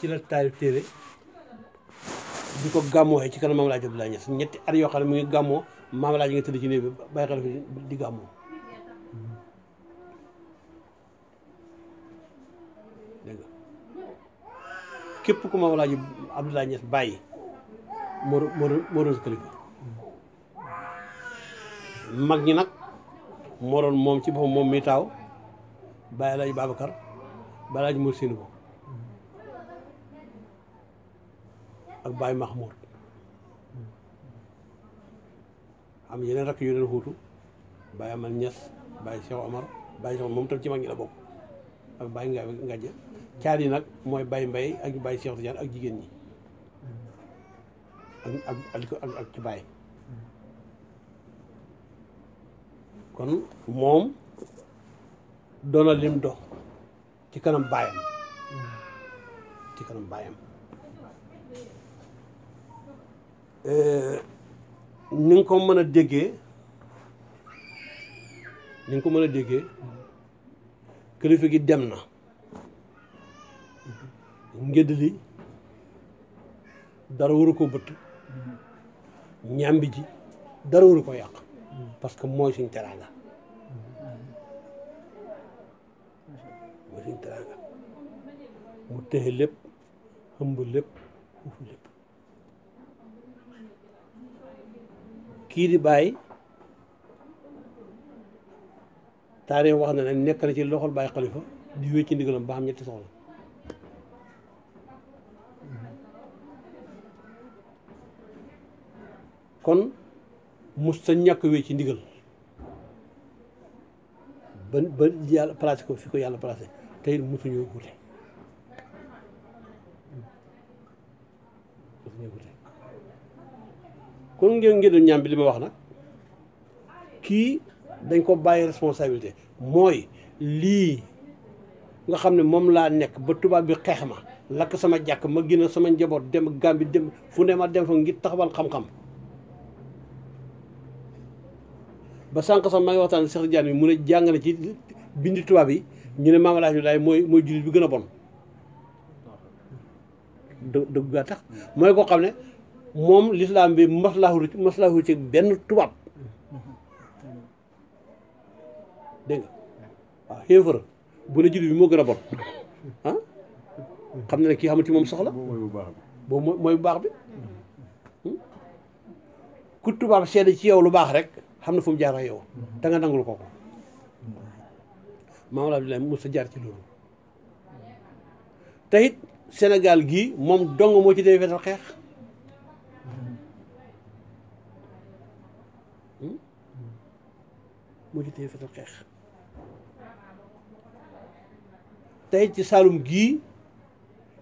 ci la taalif téere di ko gàmmoo ci kanam Maam Alaaji Abdoulaye Niass ñetti at yoo xam ne mu ngi gàmmoo Maam Alaaji nga tëdd ci néeg bi bàyyi xel di gàmmoo dégg nga képp ku Maam Alaaji Abdoulaye Niass bàyyi moo moo moo doon kilifa mag ñi nag moo doon moom ci boppam moom mi taaw bàyyi Alaaji Babacar bàyyi Alaaji Mor Seyni ko ak Baye Mahmoud am yeneen rakk yu leen xuutu Baye Amal Niass Baye Cheikh Omar Baye Cheikh moom tam ci mag ñi la bokk ak Baye Ngaye Ngadja caat yi nag mooy Baye mbay ak Baye Cheikh Tidiane ak jigéen ñi ak ak ak ci Baye kon moom doona lim dox ci kanam baayam ci kanam baayam Euh, ni nga ko mën a déggee ni ko mën a déggee kilifa gi dem na ngédd li dara waru ko bëtt ñàmbi ji dara waru ko yàq parce que mooy suñ teraanga mooy suñ teraanga mu téye lépp ëmb lépp uuf lépp kii di bàyyi taarix wax na ne nekk na ci loxol bàyyi xalifa di wéy ci ndigalam ba xam ñetti soxla kon mus sa ñàkk wéy ci ndigal ba ba yàlla placé ko fi ko yàlla placé te it musuñu wute musuñu kon ngeen ngeen ñaam bi li ma wax nag kii dañ ko bàyyi responsabilité mooy lii nga xam ne moom laa nekk ba tubaab bi xeex ma lakk sama jàkk ma génn sama njaboot dem Gàmbi dem fu ne ma dem fa ngir taxawal xam-xam ba sànq sax ma ngi waxtaan Cheikh Tidiane bi mu ne jàngale ci bindi tubaab yi ñu ne Maam El Hadji Abdoulaye mooy mooy jullit bi gën a bon dë dëgg gaa tax mooy koo xam ne moom lislaam bi maslaaxu maslaaxu ci benn tubaab dégg nga waaw xéefara bu ne jullit bi moo gën a bon ah? xam na ne kii xamul ci moom soxla boobu mooy bu baax bi ku tubaab seede ci yow lu baax rek xam na fu mu jaar ak yow da nga nangul kooku maam Abdoulaye mos a jaar ci loolu te Sénégal gii moom dong moo ci dee fetal xeex moo ci téye xeex tey ci saalum gii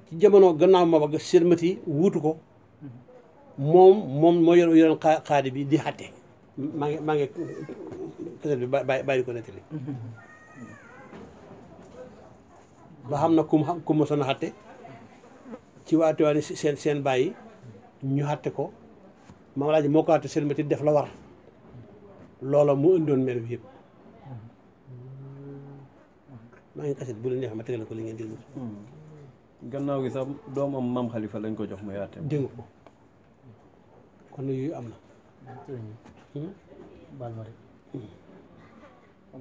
ci jamono gannaaw ma ba sérmati wuutu ko moom moom moo yor yoroon xaadi bi di xatte maa ngi maa ngi kaset bi bàyyi ko nettali ba xam na kum xam kum mosoon a xatte ci waa Tiwaawan seen seen bàyyi ñu xatte ko ma laa ji moo ko xatte sérmati def la war loola mu indoon melo yëpp maa ngi kaset bu la neexee ma tegal ko li ngeen déglu. Hmm. gannaaw gi sax doomam maam xalifa lañ ko jox mu yaate. dégg ko kon yooyu am na. Hmm? baal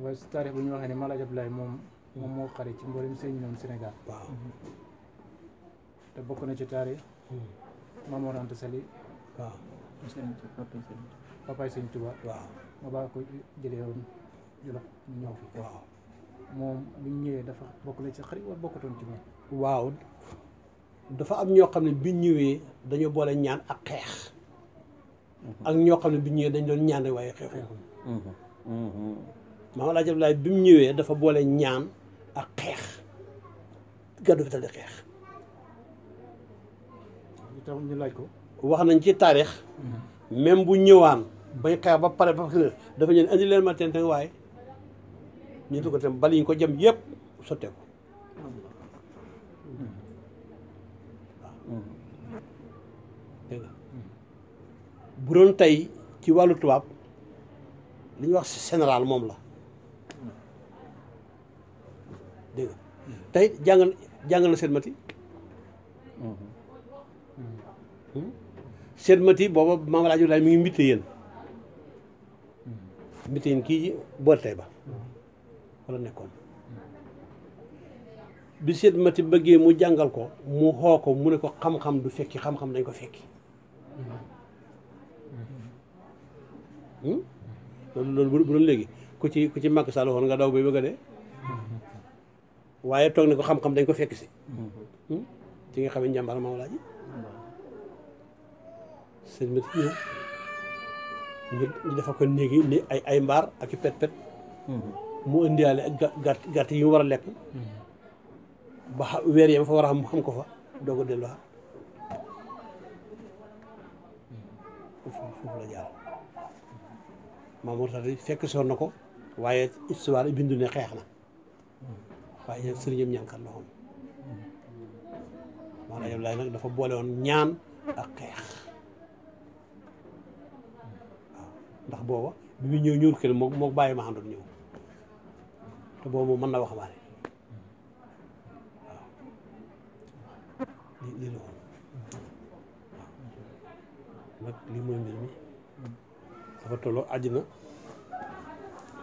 ma taarix bu ñu waxee ne Malaaj Abdoulaye moom hmm. moom moo xare ci mboolem sëñ ñoom senegal waaw te bokk na ci taarix. Maam Mor Sali. waaw. ma baa waaw moom bi ñëwee dafa bokk na ci xarit wala bokkatoon ci waaw dafa am ñoo xam ne bi ñëwee dañoo boole ñaan ak xeex mhm. ak ñoo xam ne bi ñëwee dañ doon ñaan rek waaye xeexu mhm. mhm. maam El Hadj Abdoulaye bi mu ñëwee dafa boole ñaan ak xeex gàddu gi di xeex ñu laaj ko wax nañ ci taarix même bu ñëwaan bay xeex ba pare ba dafa ñeen andi leen ma tenteng waaye ñu du ko tam bal ñu ko jëm yëpp sotte bu doon tey ci wàllu tubaab li ñuy wax général moom la dégg nga tey jàngal jàngal na seen mati mm-hmm. seen mati booba maam laaju daal mi ngi mbitte yéen bitin kii boori tey ba wala nekkoon bi seet mati bëggee mu jàngal ko mu xoo ko mu ne ko xam-xam du fekki xam-xam dañ ko fekki hmm? Hmm? loolu bu léegi ku ci ku ci màkk sall woon nga daw bay a dee waaye toog ne ko xam dañ ko fekk si hmm? nga xamee njàmbaar ñu defal ko néegi ni ay ay mbaar ak i pet pet mm-hmm. mu indiwaale ak gàtt yi mu war a lekk mm-hmm. ba weer yam fa war a xam xam ko fa doog a delluwaat mm-hmm. foofu la jaar maam moo tax fekk soon na ko waaye histoire bindu ne xeex na waaye sëriñam ñànkat la woon la yam laay nag dafa boole woon ñaan ak xeex ndax booba bi muy ñëw ñuul kële moo moo bàyyi ma àndoon ñëw te booba moom mën na wax waaw li la woon waaw lii mooy mbir mi dafa tolloo àjjana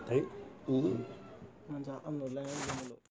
tey. na leneen